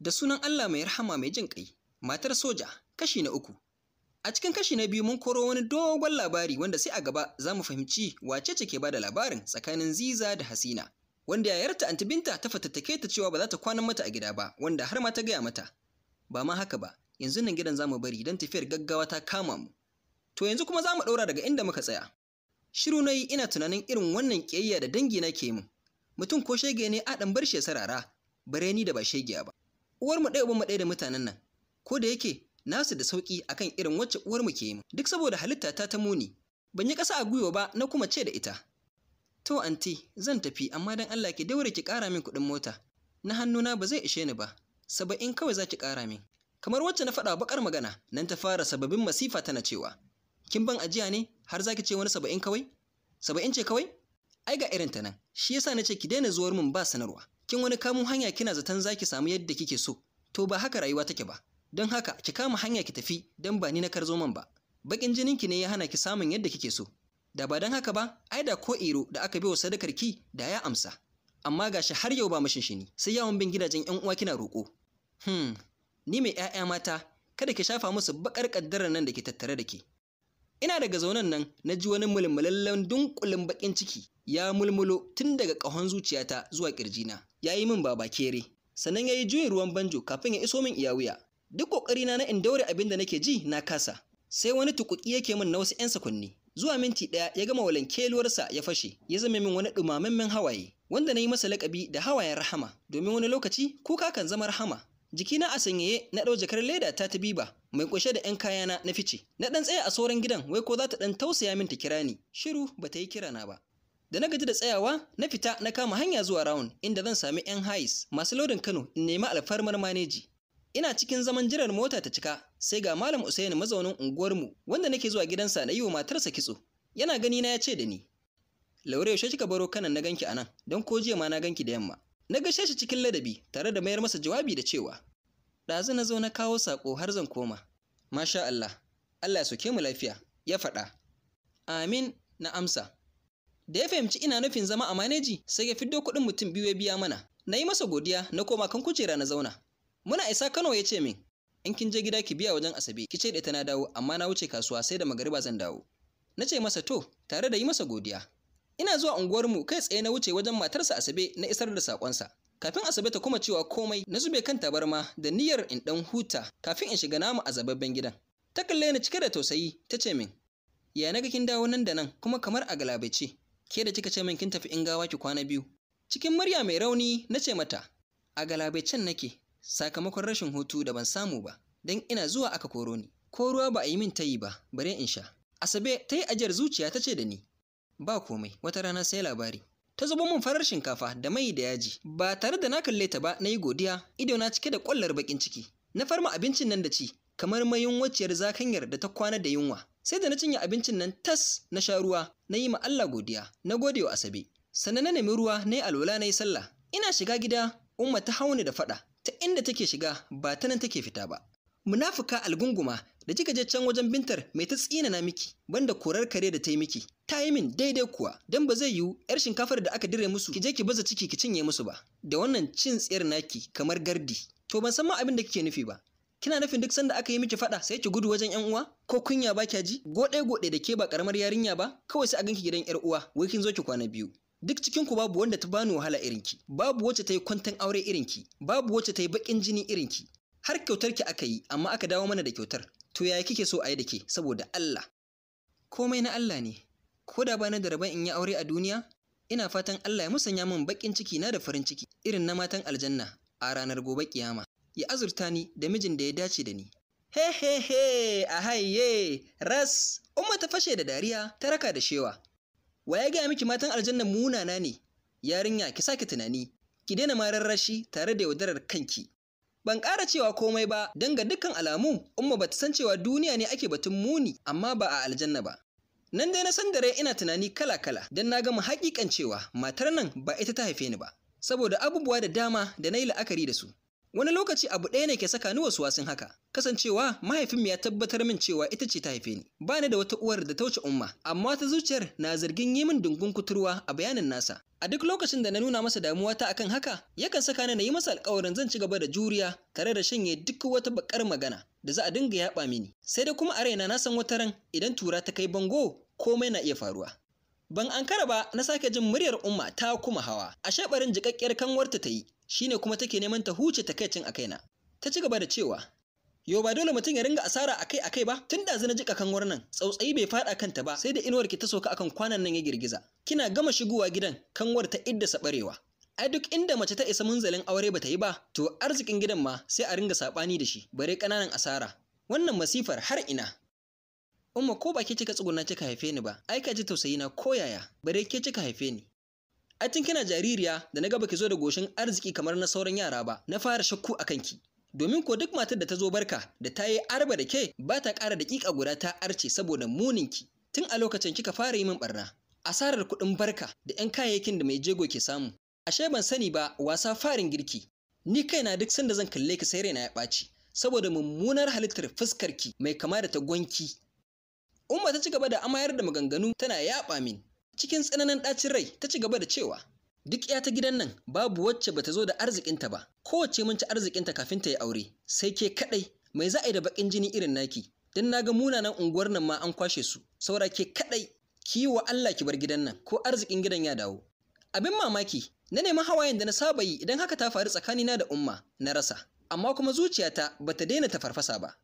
da sunan Allah mai rahama mai jin ƙai, matar soja, kashi na uku. A cikin kashi na biyu mun koro wani dogon labari wanda sai a gaba za mu fahimci wace ce ke bada labarin tsakanin Ziza da Hasina, wanda yayarta Anti Binta ta fatattake ta cewa ba za ta kwana mata a gida ba, wanda har ma ta gaya mata. Ba ma haka ba, yanzu nan gidan za mu bari don tafiyar gaggawa ta kama mu. To yanzu kuma za mu ɗaura daga inda muka tsaya. Shiru na yi ina tunanin irin wannan ƙiyayya da dangi na ke min. Mutum ko shege ne a barshi bar shi sarara, bare ni da ba shegiya ba. uwar mu ɗaya uban mu ɗaya da mutanen nan ko da yake nasu da sauki akan irin wacce uwar mu ke yi duk saboda halitta ta ta muni ban yi ƙasa a gwiwa ba na kuma ce da ita to anti zan tafi amma dan Allah ki daure ki ƙara min kuɗin mota na hannuna ba zai ishe ni ba saba'in kawai za ki ƙara min kamar wacce na faɗa baƙar magana nan ta fara sababin masifa tana cewa kin ban ajiya ne har za ki ce wani saba'in kawai saba'in ce kawai ai ga irin ta nan shi yasa na ce ki daina zuwar min ba sanarwa kin wani kamun hanya kina zaton zaki samu yadda kike so to ba haka rayuwa take ba don haka ki kama hanya ki tafi don ba ni na karzo man ba bakin jinin ki ne ya hana ki samun yadda kike so da ba don haka ba ai da ko iro da aka wa sadakar ki da ya amsa amma gashi har yau ba mashinshini sai yawon bin gidajen yan uwa kina roƙo hmm ni mai ƴaƴa mata kada ki shafa musu bakar kaddarar nan da ke tattare da ke ina daga zaunan nan na ji wani mulmulallen dunkulin bakin ciki ya mulmulo tun daga ƙahon zuciyata zuwa ƙirjina ya yi min Baba Kere. sannan ya yi juyin ruwan banjo kafin ya iso min iyawuya duk ƙoƙarina na in daure abin da nake ji na kasa sai wani tukuki yake min na wasu 'yan kunne. zuwa minti ɗaya ya gama keluwarsa ya fashe ya zama min wani min hawaye wanda na yi masa lakabi da hawayen rahama domin wani lokaci kuka kan zama rahama Jiki na a sanyaye na ɗau jakar leda ta ta biba mai kushe da 'yan kayana na fice na ɗan tsaya a sauran gidan wai ko za ta ɗan tausaya min ta kira ni shiru ba ta yi kirana ba Da na gaji da tsayawa, na fita na kama hanya zuwa raun inda zan sami 'yan hais masu lodin Kano in nemi alfarmar maneji. Ina cikin zaman jiran mota ta cika, sai ga Malam Usaini mazaunin unguwarmu wanda nake zuwa gidansa na yi wa matarsa kitso. Yana gani na ya ce da ni. Laure yaushe kika baro kanan na ganki anan, don ko jiya ma na ganki da yamma. Na gashe shi cikin ladabi tare da mayar masa jawabi da cewa, ɗazu na zo na kawo sako har zan koma. Masha Allah, Allah ya soke mu lafiya, ya faɗa. Amin na amsa. da ya fahimci ina nufin zama a maneji sai ya fiddo kuɗin mutum biyu ya biya mana na yi masa godiya na koma kan kujera na zauna muna isa kano ya ce min in kin je gida ki biya wajen asabe ki ce da ta na dawo amma na wuce kasuwa sai da magariba zan dawo na ce masa to tare da yi masa godiya ina zuwa unguwarmu kai tsaye na wuce wajen matarsa asabe na isar da sakonsa kafin asabe ta kuma cewa komai na zube kan tabarma da niyyar in dan huta kafin in shiga namu a zababben gidan ta kalle ni cike da tausayi ta ce min ya naga kin dawo nan da nan kuma kamar a galabaice ke da kika ce min kin tafi in gawa ki kwana biyu cikin murya mai rauni na ce mata a can nake sakamakon rashin hutu da ban samu ba don ina zuwa aka koro ni ko ruwa ba a yi min tayi ba bare in sha asabe ta yi ajiyar zuciya ta ce da ni ba komai wata rana sai labari ta zubo min farar shinkafa da mai da yaji ba tare da na kalle ta ba na yi godiya na cike da kwallar bakin ciki na farma abincin nan da ci kamar mayunwaciyar zakanyar da ta kwana da yunwa sai da na cinye abincin nan tas na sha ruwa na yi ma Allah godiya na gode wa asabe sannan na nemi ruwa na yi alwala na yi sallah ina shiga gida umma ta hauni da faɗa ta inda take shiga ba ta nan take fita ba munafuka algunguma da kika je can wajen bintar mai ta tsina na miki banda korar kare da ta yi miki ta yi min daidai kuwa don ba zai yiwu yar shinkafar da aka dire musu ki je ki baza ciki ki cinye musu ba da wannan cin tsiyar naki kamar gardi to ban san ma abin da kike nufi ba kina nufin duk sanda aka yi miki fada sai ki gudu wajen yan uwa ko kunya ba kya ji Goɗe-goɗe da ke ba karamar yarinya ba kawai sai a ganki gidan yar uwa wai kin zo ki kwana biyu duk cikin ku babu wanda ta bani wahala irin ki. babu wacce ta yi kwantan aure irin ki. babu wacce ta yi bakin jini irin ki. har kyautar ki aka yi amma aka dawo mana da kyautar to yaya kike so a yi da ke saboda Allah komai na Allah ne ko da bana da rabon in yi aure a duniya ina fatan Allah ya musanya min bakin ciki na da farin ciki irin na matan aljanna a ranar gobe kiyama ya azurta ni da mijin da ya dace da ni. He he he a haiye ras umma ta fashe da dariya ta raka da shewa. Wa ya gaya miki matan aljanna munana ne yarinya ki sake tunani ki daina mararrashi tare da yaudarar kanki. Ban ƙara cewa komai ba don ga dukkan alamu umma bata san cewa duniya ne ake batun muni amma ba a aljanna ba. Nan dai na san da rai ina tunani kala-kala don na gama hakikan cewa matar nan ba ita ta haife ni ba, saboda abubuwa da dama da na yi la'akari da su. Wani lokaci abu ɗaya ne ke saka ni wasu wasin haka. Kasancewa mahaifinmu ya tabbatar min cewa ita ce ta haife ni. Ba ni da wata uwar da ta wuce umma, amma ta zuciyar na zargin yi min dungun kuturwa a bayanin nasa. A duk lokacin da na nuna masa damuwa ta akan haka, yakan saka ni na yi masa alƙawarin zan ci gaba da juriya tare da shanye duk wata bakar magana da za a dinga yaɓa mini. Sai da kuma a raina na san wata ran idan tura ta kai bango komai na iya faruwa. Ban ankara ba na sake jin muryar umma ta kuma hawa, a shebarin jiƙaƙƙiyar kanwarta ta yi, Shi ne kuma take neman ta huce takaicin a kaina ta ci gaba da cewa yo ba dole mutum ya ringa asara akai akai ba tun da zina jika kan nan tsautsayi bai fada kanta ba sai da inuwar ki ta soka akan kwanan nan ya girgiza kina gama shigowa gidan kanwar ta iddasa barewa ai duk inda mace ta isa munzalin aure bata yi ba to arzikin gidan ma sai a ringa sabani da shi bare kananan asara wannan masifar har ina umma ko ba ke kika tsuguna kika haife ni ba ai ka ji tausayi na koyaya bare ke kika haife ni a tun kina jaririya da na gaba ki zo da goshin arziki kamar na sauran yara ba na fara shakku a kanki domin ko duk matar da ta zo barka da ta yi arba da ke ba ta ƙara daƙiƙa guda ta arce saboda muninki tun a lokacin kika fara yi min barna asarar kuɗin barka da 'yan kayayyakin da mai jego ke samu ashe ban sani ba wasa farin girki ni kai na duk sanda zan kalle ki sai raina ya ɓaci saboda mummunar halittar fuskar ki mai kama da ta gwanki umma ta ci gaba da amayar da maganganu tana yaɓa min cikin tsananin ɗacin rai ta ci gaba da cewa duk ya ta gidan nan babu wacce bata zo da arzikinta ba kowace mun ci arzikinta kafin ta yi aure sai ke kaɗai mai za a yi da bakin jini irin naki don na ga munanan unguwar nan ma an kwashe su saura ke kaɗai ki wa Allah ki bar gidan nan ko arzikin gidan ya dawo abin mamaki na nemi hawayen da na saba yi idan haka ta faru tsakanina da umma na rasa amma kuma zuciyata bata daina ta farfasa ba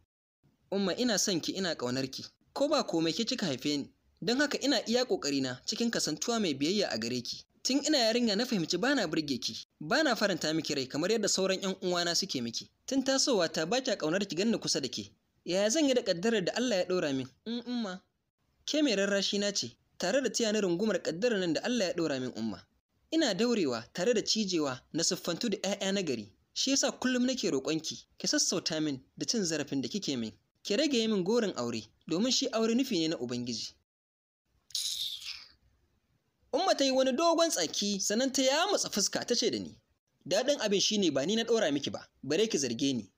umma ina son ki ina kaunar ki ko ba komai ke cika haife ni Don haka ina iya ƙoƙarina cikin kasantuwa mai biyayya a gare ki. Tun ina yarinya na fahimci bana burge ki, bana faranta miki rai kamar yadda sauran 'yan uwana suke miki. Tun tasowa ta ba kya ƙaunar ki ganna kusa da ke. Yaya zan yi da kaddarar da Allah ya ɗora min? In mm, umma. Ke mai rarrashi na ce, tare da tiyanin na rungumar kaddarar nan da Allah ya ɗora min umma. Ina daurewa tare da cijewa na siffantu da 'ya'ya na gari. Shi yasa kullum nake ki ki sassauta min da cin zarafin da kike min. Ki rage min gorin aure, domin shi aure nufi ne na Ubangiji. Umma ta yi wani dogon tsaki sannan ta matsa fuska ta ce da ni. Daɗin abin shi ne, ba ni na ɗora miki ba, bare ki zarge ni.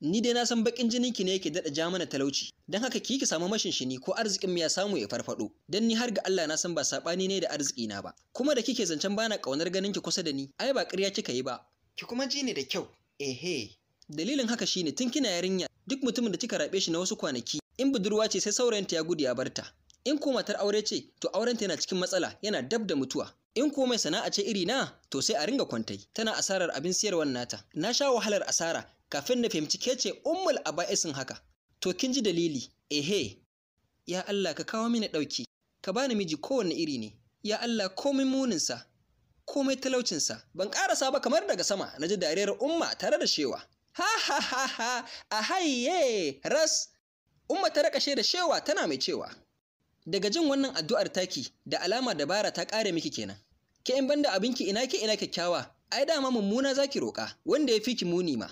Ni dai na san baƙin jinin ki ne yake daɗa ja mana talauci, don haka ki ki samu mashin shini ko arzikin mu ya samu ya farfaɗo, don ni har ga Allah na san ba saɓani ne da arziki na ba. Kuma da kike zancen bana ƙaunar ganin ki kusa da ni, ai ba ƙarya kika yi ba. Ki kuma ji ni da kyau, ehe. Dalilin haka shine tun kina yarinya duk mutumin da kika raɓe shi na wasu kwanaki in budurwa ce sai saurayinta ya gudu ya barta in ko matar aure ce to aurenta yana cikin matsala yana dab da mutuwa in ko mai sana'a ce iri na to sai a ringa kwantai tana asarar abin siyarwar nata na sha wahalar asara kafin na fahimci ke ce ummul aba'isin haka to kin ji dalili ehe ya Allah ka kawo mini ɗauki ka bani miji kowanne iri ne ya Allah komai muninsa komai talaucinsa ban karasa ba kamar daga sama na ji dariyar umma tare da shewa ha ha ha ha a ras umma ta raka da shewa tana mai cewa Daga jin wannan addu'ar taki da alama dabara ta ƙare miki kenan. Ke in banda abinki ina ke ina kyakkyawa, ai dama mummuna za ki roƙa wanda ya fi ki muni ma.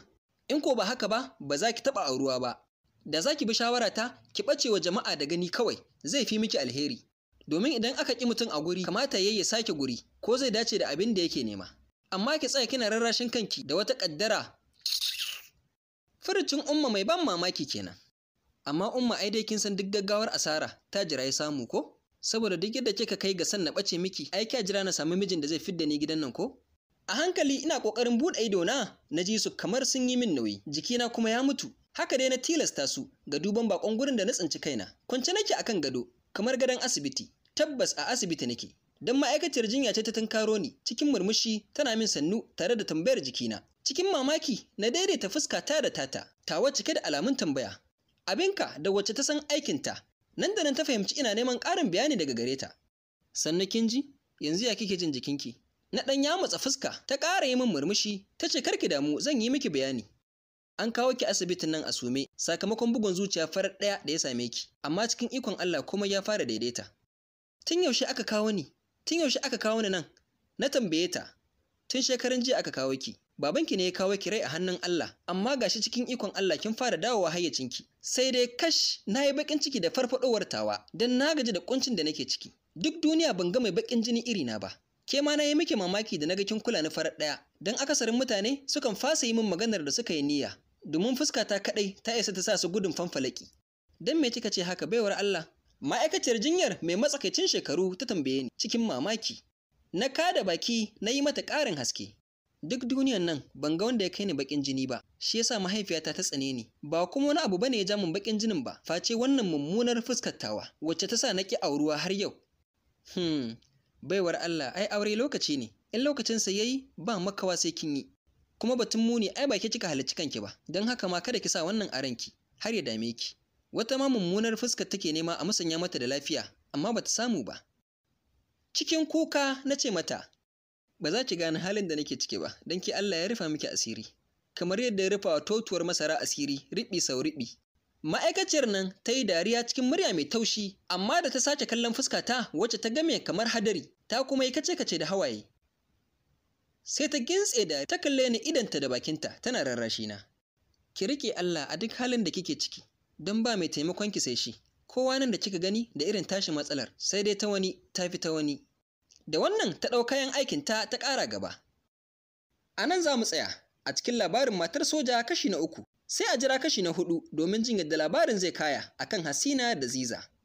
In ko ba haka ba, ba za ki taɓa auruwa ba. Da za ki bi shawarata, ki ɓace wa jama'a da gani kawai, zai fi miki alheri. domin idan aka ƙi mutum a guri kamata yayi ya sake guri ko zai dace da abin da yake nema amma ki tsaya kina rarrashin kanki da wata ƙaddara furucin umma mai ban mamaki kenan Amma umma ai dai kin san duk gaggawar asara ta jira ya samu ko? Saboda duk yadda ke ka kai ga san na ɓace miki, ai kya jira na samu mijin da zai fidda ni gidan nan ko? A hankali ina kokarin buɗe ido na ji su kamar sun yi min nauyi, Jiki na kuma ya mutu. Haka dai na tilasta su ga duban bakon gurin da na tsinci kaina. Kwance nake akan gado, kamar gadon asibiti. Tabbas a asibiti nake. Don ma'aikaciyar jinya ce ta tunkaro ni cikin murmushi tana min sannu tare da tambayar jikina. Cikin mamaki na daidaita fuska ta da tata, tawa cike da alamun tambaya. abinka da wacce ta san aikinta nan da nan ta fahimci ina neman ƙarin bayani daga gare ta sannu kin ji yanzu ya kike jin jikinki na ɗan ya matsa fuska ta ƙara yi min murmushi ta ce karki damu zan yi miki bayani an kawo ki asibitin nan a sume sakamakon bugun zuciya farar ɗaya da ya same ki amma cikin ikon Allah kuma ya fara daidaita tun yaushe aka kawo ni tun yaushe aka kawo ni nan na tambaye ta tun shekaran jiya aka kawo ki babanki ne ya kawo ki rai a hannun Allah amma gashi cikin ikon Allah kin fara dawowa hayyacinki sai dai kash na yi bakin ciki da farfadowar tawa don na gaji da ƙuncin da nake ciki duk duniya ban ga mai bakin jini iri na ba ke ma na yi miki mamaki da naga kin kula ni farar ɗaya, don akasarin mutane sukan fasa yi min maganar da suka yi niyya domin fuska ta kadai ta isa ta sa su gudun fanfalaki don me kika ce haka baiwar Allah ma'aikaciyar jinyar mai matsakaicin shekaru ta tambaye ni cikin mamaki na kada baki na yi mata ƙarin haske duk duniyan nan ban ga wanda ya kai ni bakin jini ba shi yasa mahaifiyata ta tsane ni ba kuma wani abu bane ya ja min bakin jinin ba face wannan mummunar fuskar wacce ta sa naki auruwa har yau hmm baiwar Allah ai aure lokaci ne in lokacin sa yayi ba makawa sai kin yi kuma batun muni ai ba ke kika halicci kanki ba dan haka ma kada ki sa wannan ki, har ya dame ki wata ma mummunar fuskar take nema a musanya mata da lafiya amma bata samu ba cikin kuka na ce mata ba za ki gane halin da nake ciki ba don ki Allah ya rufa miki asiri kamar yadda ya rufa totuwar masara asiri riɓi sau riɓi ma'aikaciyar nan ta yi dariya cikin murya mai taushi amma da ta sace kallon fuska ta wacce ta game kamar hadari ta kuma yi kace kace da hawaye sai ta gintse da ta kalle ni idanta da bakinta tana rarrashi na ki rike Allah a duk halin da kike ciki don ba mai taimakon ki sai shi kowa nan da kika gani da irin tashi matsalar sai dai ta wani ta fi ta wani da wannan ta ɗau kayan aikinta ta ƙara gaba. A nan za mu tsaya a cikin labarin matar soja kashi na uku, sai a jira kashi na hudu domin jin yadda labarin zai kaya akan Hasina da Ziza.